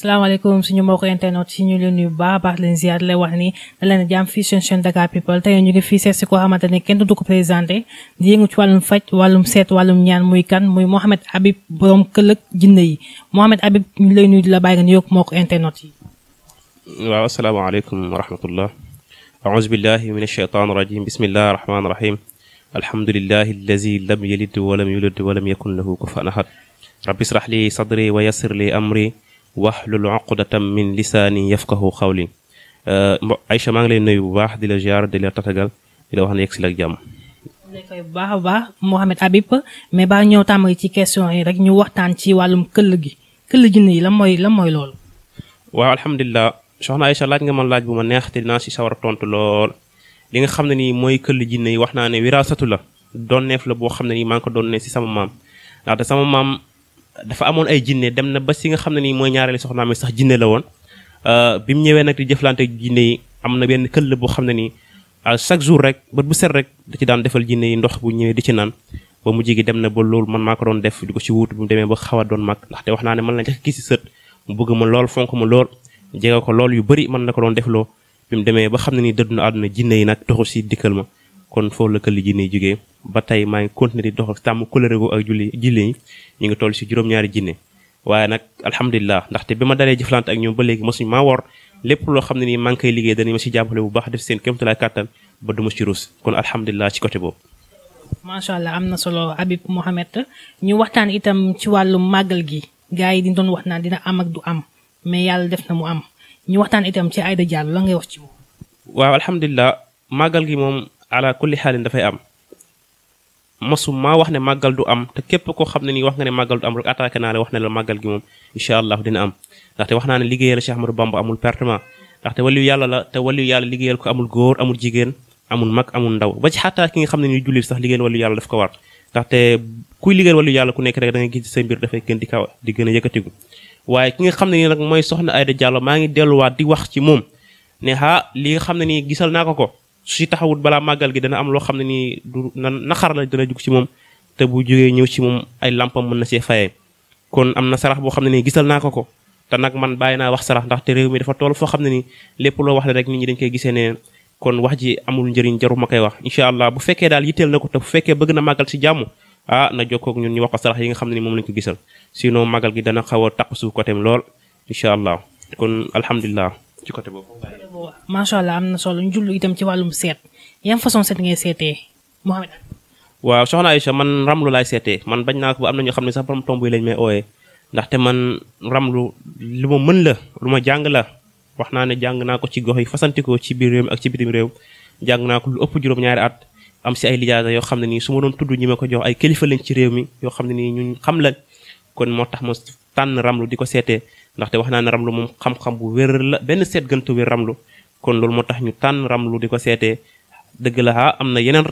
salaamaaleykum suñu mbokk internet si ñu leen nuyu baax baax leen ziar lay wax ni da leen jàmm fii seen chaîne Dakar People tey ñu ngi fii seet si koo xamante ne kenn du ko présenté di yëngu ci wàllum faj wàllum seet wàllum ñaan muy kan muy Mouhamed Habib borom këlëg jinne yi Mouhamed Habib ñu lay nuyu la bàyyi nga nuyoog mbokk internet yi waaw asalaamaaleykum wa rahmatullah aouzu billahi min asheytan rajim bismillahi rahmani rahim alhamdulilahi allazi lam yalid walam yulid walam yakun lahu kufuwan ahad rabbi waxlul uqdatam min lisaani yafqahu xawli euh, Aïcha maa ngi lay nuyu bu baax di la ziar di la tatagal di la wax ne yegg si la ak jàmm. ne koy bu baax a baax Mouhamed Habib mais ba ñëw tàmbali ci question yi rek ñu waxtaan ci wàllum këll gi këll gi yi la mooy la mooy loolu. waaw alhamdulilah soxna Aïcha laaj nga man laaj bu ma neex te dinaa si sawar tontu lool li nga xam ne nii mooy këll jinne yi wax naa ne wiraasatu la donneef la boo xam ne nii maa ngi ko doon ne si sama maam ndaxte sama maam dafa amoon ay jinne dem na ba si nga xam ne nii mooy ñaareelu soxnaam mi sax jinne la woon euh, bi mu ñëwee nag di jëflante jinne yi am na benn këll boo xam ne nii euh, chaque jour rek bët bu set rek da ci daan defal jinne yi ndox bu ñëwee di ci naan ba mu jigi dem na ba lool man maa ko doon def di ko ci wuutu bu mu demee ba xaw a doon mag ndaxte wax naa ne man la njëkk gis si sët mu bëgg ma lool fonk ma lool jege ko lool yu bari man na ko doon defloo bi mu demee ba xam ne nii dëdd na jinne yi nag toxu si dikkal ma kon foofu la këll ji ne jógee ba tey maa ngi continuer di doxal tàmm coloré gu ak julli jille yi ñu ngi toll si juróom-ñaari jinne waaye nag alhamdulilah ndaxte bi ma dalee jëflante ak ñoom ba léegi mosuñ maa wor lépp loo xam ne nii maa ngi koy liggéey danañ ma si jàppale bu baax def seen kéemtalaay kàttan ba du ma si ruus kon alhamdulilah ci côté allah am na solo Habib Mohamed ñu waxtaan itam ci wàllu màggal gi gars yi di doon wax naan dina am ak du am mais yàlla def na mu am ñu waxtaan itam ci Aida Diallo la ngay wax ci moom. waaw alhamdulilah màggal gi moom ala kulli xaalin dafay am mosu maa wax ne màggal du am te képp koo xam ne nii wax nga ne màggal du am rek attaqué naa la wax ne la màggal gi moom incha allah dina am ndaxte wax naa ne liggéeyal Cheikh Ahmadou Bamba amul pertement ndaxte waliyu yàlla la te waliyu yàlla liggéeyal ko amul góor amul jigéen amul mag amul ndaw ba ci xataa ki nga xam ne nii jullit sax liggéeyal waliyu yàlla daf ko war ndaxte kuy liggéeyal waliyu yàlla ku nekk rek da nga gis sa mbir dafay gën di kaw di gën a yëkkatigu waaye ki nga xam ne nii nag mooy soxna Aida Diallo maa ngi delluwaat di wax ci moom ne ah li xam ne nii gisal naa ko ko su si taxawut balaa màggal gi dana am loo xam ne nii du na naxar la dana jug ci moom te bu jógee ñëw ci moom ay lampam mën na see fayee kon am na sarax boo xam ne nii gisal naa ko ko te nag man bàyyi naa wax sarax te réew mi dafa tool foo xam ne nii lépp loo wax la rek nit ñi dañ koy gisee ne kon wax ji amul njëriñ jaru ma koy wax incha allah bu fekkee daal yitteel na ko te bu fekkee bëgg na màggal si jàmm ah na jokkoog ñun ñu wax ko sarax yi nga xam ne ni moom lañ ko gisal sinon màggal gi dana xaw a taq suuf côté lool incha allah kon alhamdulilah ci côté boobu. macha allah am na solo ñu jullu itam ci wàllum seet yan façon seet ngay seetee Mouhamed. waaw soxna Aïcha man ramlu laay seetee man bañ naa ko ba am na ñoo xam ne sax borom tomb yi lañ may ooyee ndaxte man ramlu lu ma mën la lu ma jàng la wax naa ne jàng naa ko ci gox yi fasantikoo ci biir réew mi ak ci bitim réew jàng naa ko lu ëpp juróom-ñaari at. am si ay lijaasa yoo xam ne nii su ma doon tudd ñi ma ko jox ay kilifa lañ ci réew mi yoo xam ne nii ñun xam ndaxte wax naa ne ramlu moom xam-xam bu wér la benn seet gëntu wér ramlu kon loolu moo tax ñu tànn ramlu di ko seetee dëgg la ah am na yeneen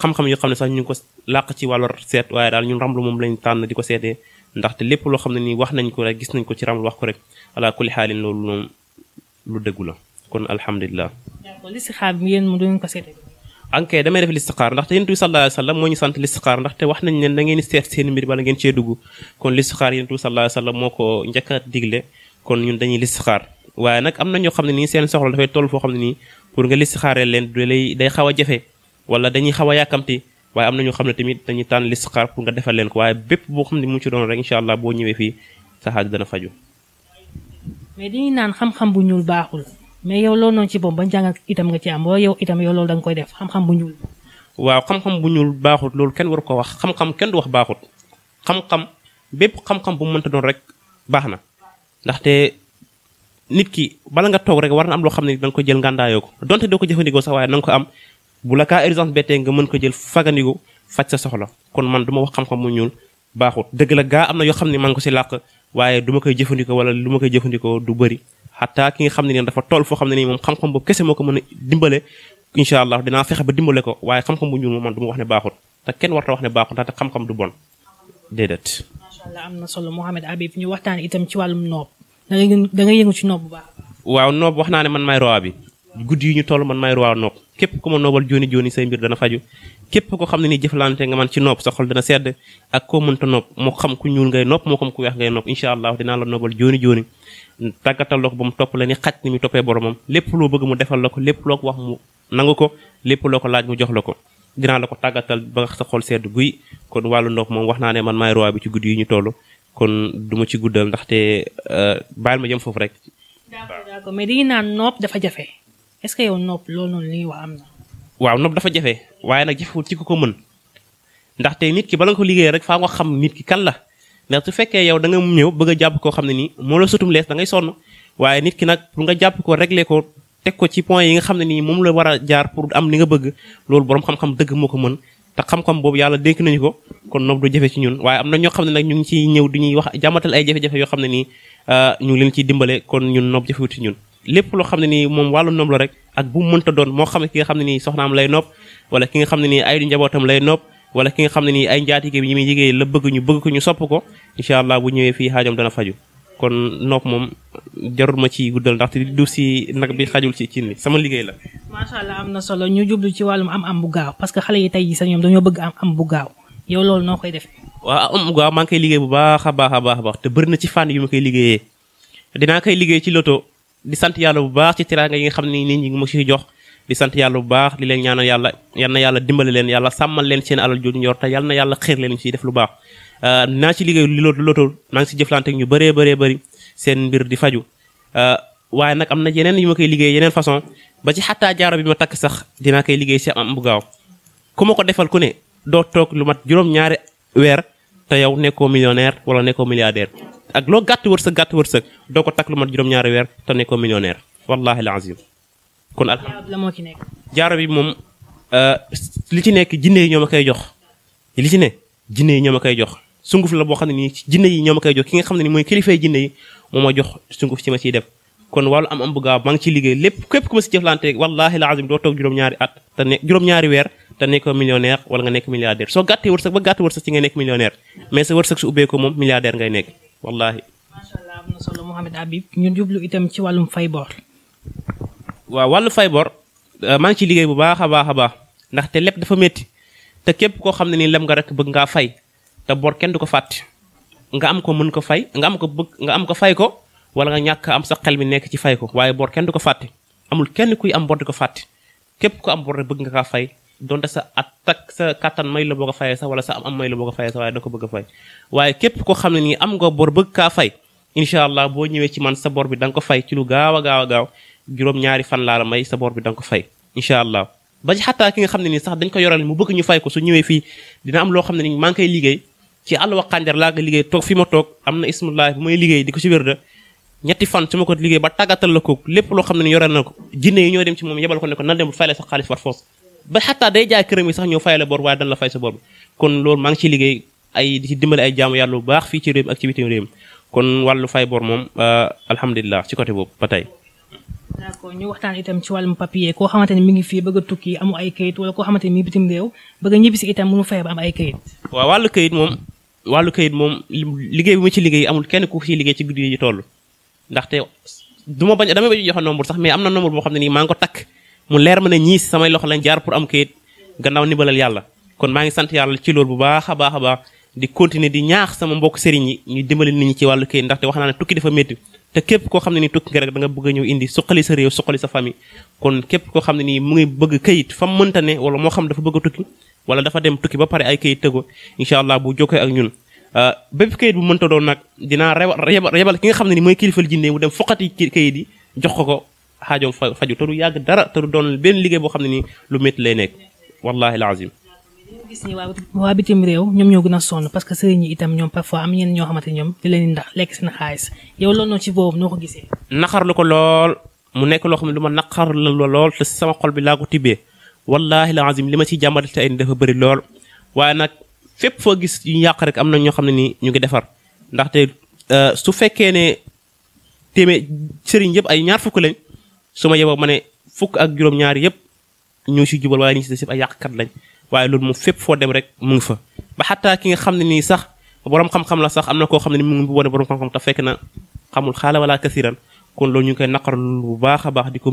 xam-xam yoo xam ne sax ñu ko làq ci wàllu seet waaye daal ñun ramlu moom lañ tànn di ko seetee ndaxte lépp loo xam ne nii wax nañ ko rek gis nañ ko ci ramlu wax ko rek ala kulli xaalin loolu moom lu dëggu la kon alhamdulilah. ankay damay def listixaar ndaxte yonent bi sallallahu alayhi wa sallam moo ñu sant listixaar ndaxte wax nañ leen da seet seen mbir bala ngeen cee dugg kon listixaar yonent bi sallallahu alayhi wa sallam moo ko njëkk a digle kon ñun dañuy listixaar waaye nag am na ñoo xam ne nii seen soxla dafay toll foo xam ne nii pour nga listixaaree leen du day xaw a jafe wala dañuy xaw a yàkkamti waaye am na ñoo xam ne tamit dañuy tànn listixaar pour nga defal leen ko waaye bépp boo xam ne mu ci doon rek incha allah boo mais yow loolu noonu ci boobu ban jàngat itam nga ci am wala yow itam yow loolu da nga koy def xam-xam bu ñuul. waaw xam bu ñuul baaxut loolu kenn waru ko wax xam-xam kenn du wax baaxut xam-xam bépp xam bu mu mënta doon rek baax na ndaxte nit ki bala nga toog rek war na am loo xam ne da nga jël ngàndaayoo ko donte doo ko jëfandikoo sax nga ko am bu la kaa urgence nga mën ko jël fagandiku faj sa soxla kon man du wax xam-xam ñuul baaxut dëgg la gaa am na yoo xam ne man ko si làq waaye duma koy jëfandikoo wala lu ma koy jëfandikoo du bëri xataa ki nga xam ne nii dafa toll foo xam ne nii moom xam-xam boobu kese moo ko mën a dimbale incha allah dinaa fexe ba dimbale ko waaye xam-xam bu ñuul moom man du wax ne baaxul te kenn warta wax ne baaxul ndaxte xam-xam du bon déedéet. macha allah am na solo Mouhamed ñu waxtaan itam ci wàllum noob da ngay da ngay yëngu ci noob bu baax. wax naa ne man maay roi bi guddi yi ñu toll man maay roi noob képp ku ma noobal jooni jooni say mbir dana faju képp ko xam ne ni jëflante nga man ci nopp sa xol dana sedd ak koo mënta nopp moo xam ku ñuul ngay nopp moo xam ku weex ngay nopp incha allah topp la ni xaj ni mu toppee boromam lépp loo bëgg ko lépp loo wax mu nangu ko lépp loo ko laaj mu jox la ko dinaa ko tàggatal ba nga sa xol sedd guy kon wàllu nopp moom wax naa ne man maay roi bi ci guddi yi ñu toll kon du ma ci guddal ndaxte euh, baal ma jëm foofu rek d'accord mais dafa jafe est ce que loolu noonu li ñuy na. waaw nopp dafa jafe waaye nag jafewul ci ko ko mën ndaxte nit ki bala nga ko liggéeyee rek faa nga xam nit ki kan la mais su fekkee yow da nga ñëw bëgg jàpp koo xam ne nii moo la sutum lees da ngay sonn waaye nit ki nag pour nga jàpp ko régler ko teg ko ci point yi nga xam ne nii moom la war a jaar pour am li nga bëgg loolu borom xam-xam dëgg moo ko mën te xam-xam boobu yàlla dénk nañu ko kon nopp du jafe ci ñun waaye am na ñoo xam ne nag ñu ngi ciy ñëw di ñuy wax jàmmatal ay jafe-jafe yoo xam ne nii ah, ñu ngi leen ciy dimbale kon ñun nopp jafewul ci ñun lépp loo xam ne nii moom wàllu nopp la rek ak bu mënta doon moo ki nga xam ne nii soxnaam lay nopp wala ki nga xam ne nii ay lay nopp wala ki nga xam ne nii ay njaatige bi ñi muy liggéey la bëgg ñu bëgg ko ñu sopp ko incha allah bu ñëwee fii xaajam dana faju kon nopp moom jarul ma ci guddal ndaxte du si nag bi xajul ci cin li sama liggéey la. am na solo ñu jublu ci wàllum am-am bu gaaw parce que xale yi tey jii sax ñoom dañoo bëgg am-am bu gaaw yow loolu noo koy defee. waaw am bu gaaw maa ngi koy liggéey bu baax a baax a baax baax te bëri na ci fànn yu ma koy liggéeyee dinaa koy liggéey ci loto di sant yàlla bu baax ci teraanga yi nga xam ne nit ñi mu ci jox di sant yàlla bu baax di leen ñaanal yàlla yàlla dimbale leen yàlla sàmmal leen seen alal jooju ñor te yal na yàlla xeer leen ci def lu baax euh, naa ci liggéey li loto naa ngi si jëflante ñu bëree bëree bëri seen mbir di faju euh, waaye nag am na yeneen yu ma koy liggéey yeneen façon ba ci xattaa jaaro bi ma takk sax dina koy liggéey si am bu gaaw ku ma ko defal ku ne doo toog lu mat juróom-ñaari weer te yow nekkoo millionnaire wala nekkoo milliardaire ak loo gàtt wërsëg gàtt wërsëg doo ko takk lu ma juróom-ñaari weer te nekkoo millionnaire wallahi al azim kon alhamdulilah jaaro bi moom euh, li ci nekk jinne yi ñoo ma koy jox li ci ne jinne yi ñoo ma jox sunguf la boo xam ne nii jinne yi ñoom a koy jox ki nga xam ne ni mooy kilifay jinne yi moo ma jox sunguf si ma ciy def kon wàllu am am bu gaaw maa ngi ciy liggéey lépp képp ku ma si jëflante wallahi al azim doo toog juróom-ñaari at te ne juróom-ñaari weer te nekkoo millionnaire wala nga nekk milliardaire soo gàttee wërsëg ba gàtt wërsëg ci ngay nekk millionnaire mais sa wërsëg su ubbee ko moom milliardaire ngay nekk wallahi macha allah am na solo Mouhamed ñu jublu itam ci wàllum fay bor. waaw wàllu euh, maa ngi ciy liggéey bu baax a baax a baax ndaxte lépp dafa métti te képp koo xam ne nii lem nga rek bëgg ngaa fay te boor kenn du ko fàtte nga am ko mën ko fay nga am ko bëgg nga am ko fay ko wala nga ñàkk am sa xel mi nekk ci fay ko waaye boor kenn du ko fàtte amul kenn kuy am bor di ko fàtte képp ku am bor rek nga kaa fay donte sa at tak sa kattan may la bëgg a fayee sax wala sa am am may la bëgg a fayee sax waaye da ko bëgg a fay waaye képp koo xam ne nii am nga bor bëgg kaa fay incha allah boo ñëwee ci man sa bor bi da nga ko fay ci lu gaaw a gaaw a gaaw juróom-ñaari fan laa la may sa bor bi da nga ko fay incha allah ba ci xataa ki nga xam ne nii sax dañ ko yoral mu bëgg ñu fay ko su ñëwee fii dina am loo xam ne nii maa ngi koy liggéey ci àll waqandeer laa ko liggéey toog fi ma toog am na ismullah bu may liggéey di ko si wér da ñetti fan su ma ko liggéey ba tàggatal la ko lépp loo xam ne ni yoral na ko jinne yi ñoo dem ci moom yebal ko ne ko nan dem fay la sa xaalis par force ba xataa day jaay këram yi sax ñoo fay la bor waaye dañ la fay sa bor bi kon loolu maa ngi ci liggéey ay di ci dimbali ay jaamu yàlla bu baax fii ci réew mi ak ci kon wàllu fay bor moom euh, alhamdulilah ci côté boobu ba tey. d'accord ñu waxtaan itam ci wàllum papier koo xamante ne mi ngi fii bëgg a tukki amu ay kayit koo xamante ne mi bitim réew bëgg a ñibbisi itam mënu fexe ba ay kayit. waaw wàllu kayit moom wàllu kayit moom liggéey bi ma ci liggéey amul kenn ku ci liggéey ci guddi yi toll ndaxte du ma bañ damay bañ joxe nombre sax mais am na nombre boo xam ne nii maa ngi ko takk mu leer ma ne ñii si samay loxo lañ jaar pour am kayit gannaaw nibalal yàlla kon maa ngi sant yàlla ci lool bu baax a baax a baax di continuer di ñaax sama mbokk sëriñ yi ñu dimbali nit ñi ci wàllu kayit ndaxte wax naa ne tukki dafa métti te képp koo xam ne ni tukki nga rek da bëgg a ñëw indi suqali sa réew suqali sa famille kon képp koo xam ne nii mu ngi bëgg kayit fa mu mënta ne wala moo xam dafa bëgg a tukki wala dafa dem tukki ba pare ay kayit tëgo incha allah bu jokkoo ak ñun euh, bépp kayit bu mënta doon nag dinaa yebal ki nga xam ne ni mooy kilifal jinde mu dem foqati kayit yi jox ko ko xaajoom faju te du yàgg dara te du doon benn liggéey boo xam ne nii lu métti lay nekk wallahi alazim gis ni waa bitim réew ñoom ñoo gën a sonn parce que sëriñ yi itam ñoom parfois am ñeen ñoo xamante ñoom di leen ndax lekk seen xaalis yow loolu noonu ci boobu noo ko gisee naqarlu ko lool mu nekk loo xam ne lu ma naqar la lool te sama bi laa ko tibbee wallahi alazim li ma ci jàmbatal te dafa bëri lool waaye nag fépp foo gis yu yàq rek am na ñoo xam ne nii ñu ngi defar ndaxte euh, su fekkee ne téeméer sëriñ yëpp ay ñaar fukk lañ su ma yeboo ma fukk ak juróom ñaari yëpp ñoo si jubal waaye ñu si des yëpp yàqkat lañ waaye loolu moom fépp foo dem rek mu ngi fa ba xataa ki nga xam ne nii sax borom xam-xam la sax am na koo xam ne ni mu ngi borom xam-xam te fekk na xamul xaala wala kasiran kon loolu ñu ngi koy naqarlu bu baax a baax di ko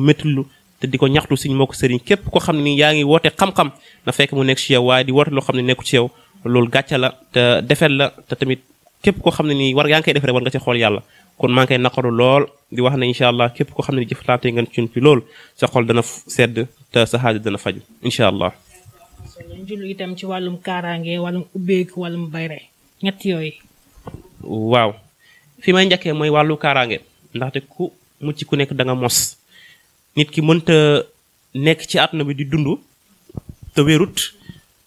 te di ko ñaxtu suñu mbokku sëriñ képp koo xam ne nii yaa ngi woote xam-xam fekk mu nekk ci yow waaye di woote loo xam ne nekku ci yow loolu gàcce la te defet la te tamit képp koo xam ne nii war yaa ngi koy def rek war nga ci xool yàlla kon maa ngi koy naqaru lool di wax ne incha allah képp koo xam ne jëflante ngeen ci fi lool sa xol dana sedd te sa xaalis dana faju incha allah. ñu jullu itam ci wàllum kaaraange wàllum ubbeeku wàllum bayre ñett yooyu. waaw fi may njëkkee mooy wàllu kaaraange ndaxte ku mucc ku nekk danga mos nit ki mënta nekk ci àdduna bi di dund te wérut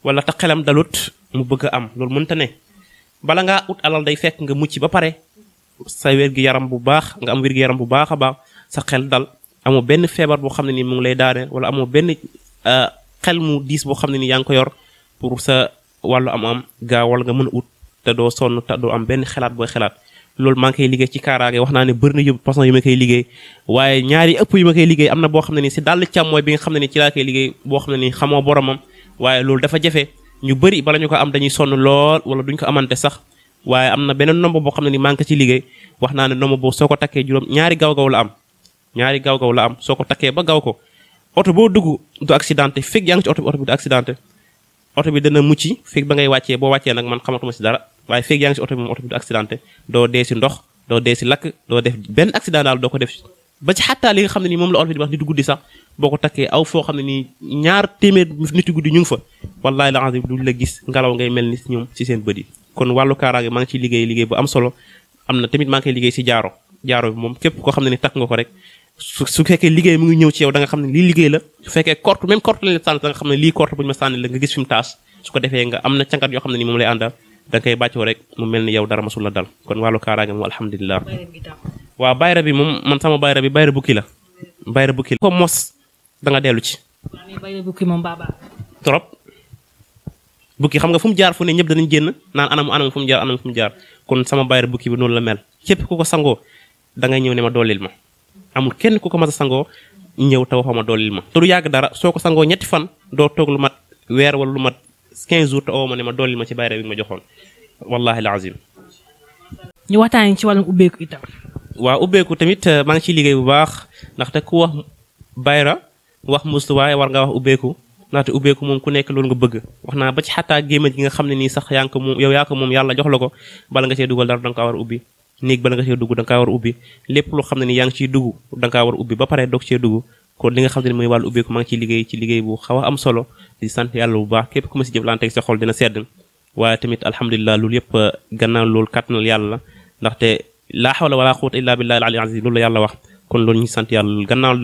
wala te xelam dalut mu bëgg am loolu mënta ne bala ngaa ut alal day fekk nga mucc ba pare. sa wér yaram bu baax nga am wér yaram bu baax a baax sa xel dal amoo benn feebar boo xam ne nii mu ngi lay daane wala amoo benn euh, xel mu diis boo xam ne ni yaa ngi ko yor pour sa wàllu am am gaawal nga mën a ut te doo sonn te doo am benn xalaat booy xalaat loolu maa ngi koy ci kaaraange wax naa ne bëri na yëpp façon yi ma koy liggéey waaye ñaari ëpp liggéey am na boo xam ne ni si dàll càmmooy bi nga xam ne ni ci laa koy liggéey boo xam ne ni xamoo boromam waaye loolu dafa jafe ñu bari bala ñu ko am dañuy sonn lool wala duñ ko amante sax waaye am na beneen nombre boo xam ne ni manque ci liggéey wax naa ne nombre boobu soo ko takkee juróom ñaari gaaw-gaaw la am ñaari gaaw-gaaw la am soo ko takkee ba gaaw ko oto boo dugg du accidenté fekk yaa ngi oto oto bi du oto bi dana mucc fekk ba ngay wàccee boo wàccee nag man xamatuma si dara waaye fekk oto bi moom oto bi du accidenté doo dee si ndox doo dee si lakk doo def benn accident daal doo ko def ba ci xattaa li nga xam ne nii moom la olof di wax nit guddi sax boo ko takkee aw foo xam ne nii ñaar téeméer nit guddi ñu ngi fa wallaahi la du la gis ngelaw ngay mel ni ñoom si seen bët yi kon wàllu kaaraange maa ngi ciy liggéey liggéey bu am solo am na tamit maa ngi koy liggéey si jaaro jaaro bi moom képp koo xam ne ni takk nga ko rek su su fekkee liggéey mu ngi ñëw ci yow da nga xam ne lii liggéey la su fekkee corte même corte lañ la sànni nga ma sànni la gis fi taas su ko defee nga am na cangat yoo xam ne ni moom lay àndal da nga bàccoo rek mu mel ni yow dara masul la dal kon wàllu kaaraange moom alhamdulilah waaw bukki xam nga fu mu jaar fu ne ñëpp danañ génn naan anam anam fu mu jaar anam fu mu jaar kon sama bayra bukki bi noonu la mel képp ku ko sangoo dangay ñëw ne ma dollil ma amul kenn ku ko mas sangoo ñëw te waxoo ma dollil ma te du yàgg dara soo ko sangoo ñetti fan doo toog lu mat weer wala lu mat 15 jours te oo ma ne ma dollil ma ci bayra bi ma joxoon wallahi alazim ñu waxtaanee ci wàllum ubbeeku itam. waa ubbeeku tamit maa ngi ciy liggéey bu baax ndaxte ku wax bayra wax musluwaay war nga wax ubbeeku laata ubbeeku moom ku nekk loolu nga bëgg wax naa ba ci xataa gémmiñ gi nga xam ne nii sax yaa ngi ko moom yow yaa ko moom yàlla la ko bala nga ko war a ubbi nga ko war a ubbi yaa ngi ko war a ubbi a uh, loolu la yàlla wax kon loolu ñu sant yàlla gannaaw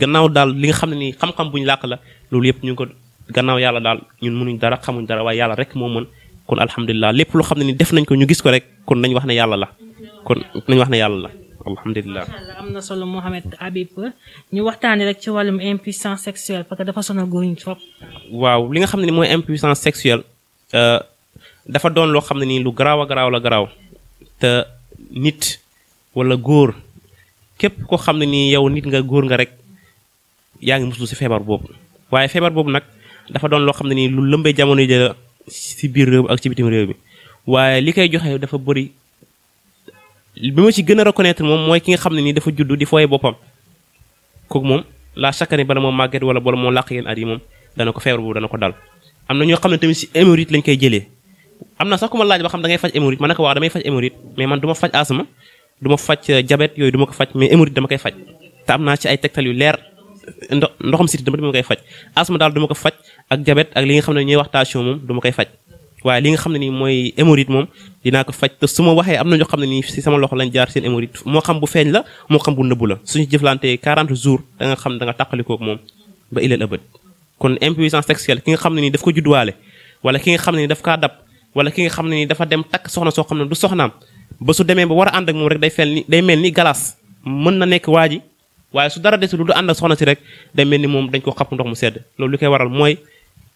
gannaaw daal li nga xam ne nii xam-xam bu ñu làq la loolu yëpp ñu ngi ko gannaaw yàlla daal ñun mënuñ dara xamuñ dara waaye yàlla rek moo mën kon alhamdulilah lépp loo xam ne ni def nañ ko ñu gis ko rek kon nañ wax ne yàlla la kon nañ wax ne yàlla la alhamdulilah. am na solo Mouhamed Habib ñu waxtaanee rek ci wàllum impuissance sexuelle parce dafa sonal góor ñu trop. waaw li nga xam ne ni mooy impuissance sexuelle euh, dafa doon loo xam ne nii lu garaaw a garaaw la garaaw te nit wala góor képp koo xam ne nii yow nit nga góor nga rek yaa ngi muslu si feebar boobu. waaye feebar boobu nag dafa doon loo xam ne nii lu lëmbee jamono ji la si biir réew mi ak ci bitim réew mi waaye li koy joxe dafa bëri bi ma ci gën a reconnaître moom mooy ki nga xam ne nii dafa juddu di fooye boppam kooku moom la chaque année bala moo màgget wala bala moo làq yéen at yi moom dana ko feebar boobu dana ko dal am na ñoo xam ne tamit si hémorroïde lañ koy jëlee am na sax ku ma laaj ba xam da ngay faj hémorroïde ma ne ko waaw damay faj hémorroïde mais man du faj asma du ma faj euh, diabète yooyu du ko faj mais hémorroïde dama koy faj te naa ci ay tegtal yu leer ndox ndoxam siti dama dama koy faj asma daal duma ko faj ak diabète ak li nga xam ne ñooy wax tension moom duma koy faj waaye li nga xam ne nii mooy hémorroïde moom dinaa ko faj te su ma waxee am na ñoo xam ne nii sama loxo lañ jaar seen hémorroïde moo xam bu feeñ la moo xam bu nëbbu la suñu jëflantee 40 jours da nga xam da nga tàqalikoo ak moom ba ilal abad kon impuissance sexuelle ki nga xam ne nii daf ko judduwaale wala ki nga xam ne nii daf kaa dab wala ki nga xam ne nii dafa dem takk soxna soo xam ne du soxnaam a waaye su dara desul lu ànd ak soxna si rek day mel ni moom dañ ko xapp ndox mu sedd loolu li koy waral mooy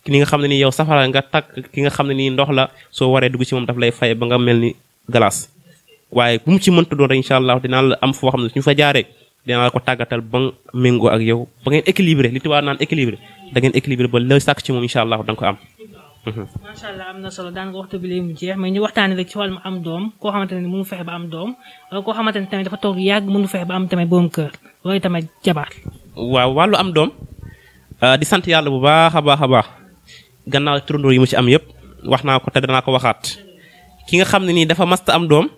li nga xam ne ni yow safara nga takk ki nga xam ne nii ndox la soo waree dugg ci moom daf ba nga mel ni glace waaye bu mu ci mënta doon rek incha allah dinaa la am ne suñu fa jaaree dinaa la ko ba nga ak yow ba ngeen équilibré li tubaab naan équilibré da ngeen équilibré ba la sàkk ci moom incha allah da nga ko am. Mhm. macha allah am na solo daanaka waxtu bi léegi mu jeex mais ñu waxtaanee rek ci wàllum am am doom koo xamante ne waaye tamit jabaar. waaw wàllu am doom ah, di sant yàlla bu baax a baax a baax gannaaw turandoo yi mu ci am yëpp wax naa ko te danaa ko waxaat ki nga xam ne nii dafa masta am doom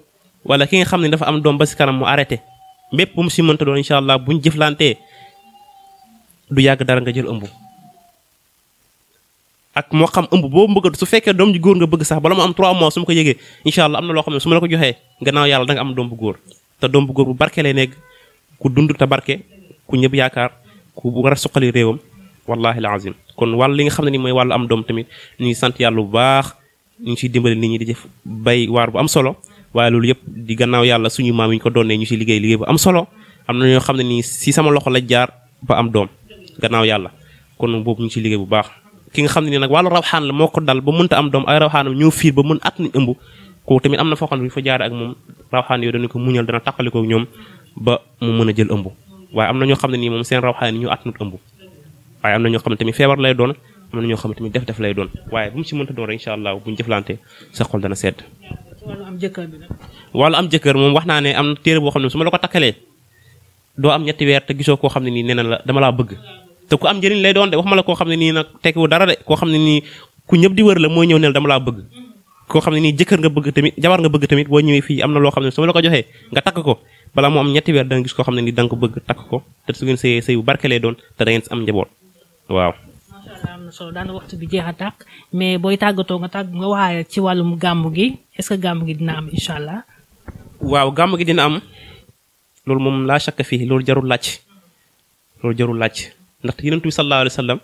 wala ki nga xam ne dafa am doom ba si kanam mu arrêté mbépp bu mu si mënta doon incha allah ñu jëflantee du yàgg dara nga jël ëmb. ak moo xam ëmb boobu bëgg su fekkee doom ju góor nga bëgg sax bala mu am 3 mois su ma ko yëgee incha allah na loo xam ne su ko joxee gannaaw yàlla da nga am doom bu góor te doom bu góor bu barke lay nekk ku dund te barke ku ñëpp yaakaar ku war a suqali réewam wallahi la azim kon wàll li nga xam ne nii mooy wàllu am doom tamit ñu ngi sant yàlla bu baax ñu ngi ciy dimbali nit ñi def bay waar bu am solo waaye loolu yëpp di gannaaw yàlla suñu maam yi ñu ko doonee ñu ci liggéey liggéey bu am solo na ñoo xam ne nii si sama loxo la jaar ba am doom gannaaw yàlla kon boobu ñu si ciy liggéey bu baax ki nga xam ne nii nag wàllu rawxaan la moo ko dal ba mënta am doom ay rawxaanam ñoo fiir ba mën at ni ëmb kooku tamit am na foo xam fa jaare ak moom rawxaan yooyu dañu ko muñal dana tàqalikoo ñoom ba mu mën a jël ëmb waaye am na ñoo xam ne nii moom seen rawxaan ni ñu attanut ëmb waaye am na ñoo xam ne tamit feebar lay doon am na ñoo xam ne tamit def-def lay doon waaye bu mu si mënta doon rek bu ñu jëflante sa xol dana sedd. wàllu am jëkkër am jëkkër moom wax naa ne am na téere boo xam ne su ma la ko takkalee doo am ñetti weer te gisoo koo xam ne nii nee na la dama laa bëgg te ku am njëriñ lay doon de wax ma la koo xam ne nii nag tekkiwu dara koo xam ne nii ku ñëpp di la mooy ñëw ne la dama laa bëgg koo xam ne nii jëkkër nga bëgg tamit jabar nga bëgg tamit boo ñëwee fii am na loo xam ne su ma la ko joxee nga takk ko balaa mu am gis koo xam ne nii da nga ko bëgg takk ko te su ngeen sëyee sëy bu barkelee doon te da ngeen am njaboot waaw. macha allah am na solo daan jeex a tàkk mais booy tàggatoo nga tàgg nga waxaale ci wàllum gàmm gi est gàmm gi dina am incha allah. waaw gàmm gi dina am loolu moom laa shakk fii loolu jarul laaj loolu jarul laaj ndaxte yonent bi sallallahu alayhi wa sallam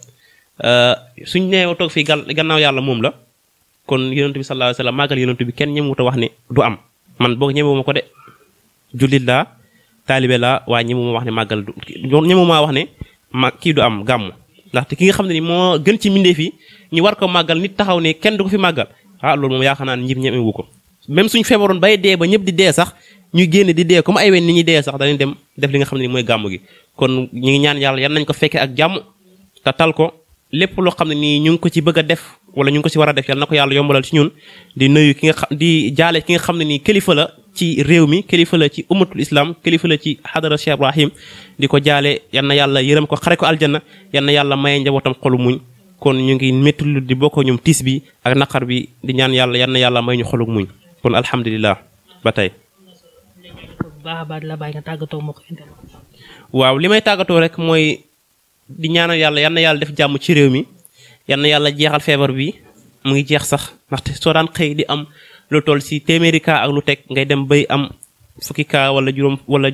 euh, suñ nee toog fii gannaaw yàlla moom la kon yonent bi sallallahu alayhi wa màggal yonent bi kenn ñemewut a wax ne du am man boog ñemewuma ko de jullit laa taalibe laa waaye ñemewuma wax ne màggal du ñemewuma wax ne ma kii du am gàmm ndaxte ki nga xam ne ni moo gën ci mbindeef yi ñu war ko màggal nit taxaw ne kenn du ko fi màggal ah loolu moom yaakaar naa ko même suñu feebaroon bay dee ba ñëpp di dee sax ñu génn di dee comme ay wen ni ñuy dee sax dañuy dem def li nga xam ne ni mooy gàmm gi kon ñu ngi ñaan yàlla yan nañ ko fekkee ak jàmm te tal ko lépp loo xam ne nii ñu ngi ko ci bëgg a def wala ñu ngi ko si war a def yal na ko yàlla yombalal ci ñun di nuyu ki nga xam di jaale ki nga xam ne nii kilifa la ci réew mi kilifa la ci ummatul islam kilifa la ci xadara Cheikh Ibrahim di ko jaale yal na yàlla yërëm ko xare ko aljanna yal na yàlla maye njabootam xolu muñ kon ñu ngi métti di bokk ñoom tiis bi ak naqar bi di ñaan yàlla yal yàlla may ñu xolug muñ kon alhamdulilah ba tey. waaw li may tàggatoo rek mooy di ñaanal yàlla yan na yàlla def jàmm ci réew mi. yal yàlla jeexal feebar bi mu ngi jeex sax ndaxte soo daan xëy di am lu toll si téeméeri kaa ak lu teg ngay dem bay am fukki kaa wala juróom wala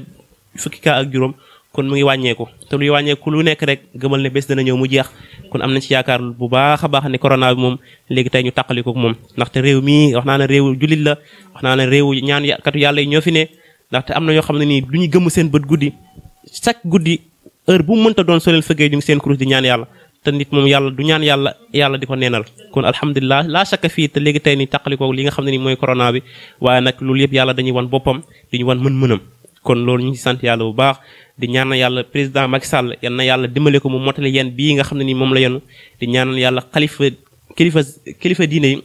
fukki kaa ak juróom kon mu ngi wàññeeku te luy wàññeeku lu nekk rek gëmal ne bés dana ñëw mu jeex kon am na ci yaakaar bu baax a baax ne corona bi moom léegi tey ñu ko moom ndaxte réew mii wax naa ne réew jullit la wax naa ne réew ñaan katu yàlla yi ñoo fi ne ndaxte am na ñoo xam ne nii du ñu gëmm seen bët guddi chaque guddi heure bu mënta doon soo leen fëggee ñu seen kurus ñaan yàlla te nit moom yàlla du ñaan yàlla yàlla di ko neenal kon alhamdulilah laa shakka fii te léegi tey ni tàqalikoo li nga xam ne ni mooy corona bi waaye nag loolu yëpp yàlla dañuy wan boppam di ñu wan mën-mënam kon loolu ñu ngi sant yàlla bu baax di ñaanal yàlla président Macky Sall na yàlla dimbale ko mu motali yéen bii nga xam ne ni moom la yenu di ñaanal yàlla xalifa kilifa kilifa diine yi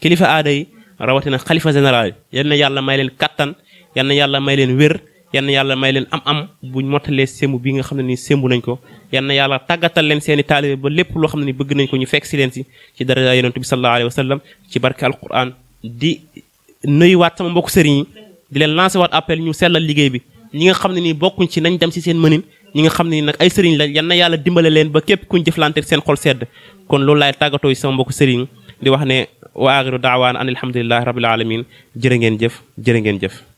kilifa aada yi rawatina xalifa général yi yal na yàlla may leen kattan yal na yàlla may leen wér yann yàlla may leen am am buñ mottalee sémbu bi nga xam ne ni sémbu nañ ko yenn yàlla tàggatal leen seen i ba lépp loo xam ne ni bëgg nañ ko ñu fekk si leen si ci daraja yonentu bi sallallahu alayhi wa sallam ci barke alquran di nuyuwaat sama mbokk sëriñ yi di leen lancé waat appel ñu sellal liggéey bi ñi nga xam ne nii bokkuñ ci nañ dem si seen mënin ñi nga xam ne nii nag ay sëriñ la yann yàlla dimbale leen ba képp kuñ jëflante seen xol sedd kon lool laay tàggatoo sama mbokk sëriñ di wax ne wa axiru daawaan an alhamdulilahi rabil alamin jërë ngeen jëf jërë ngeen jëf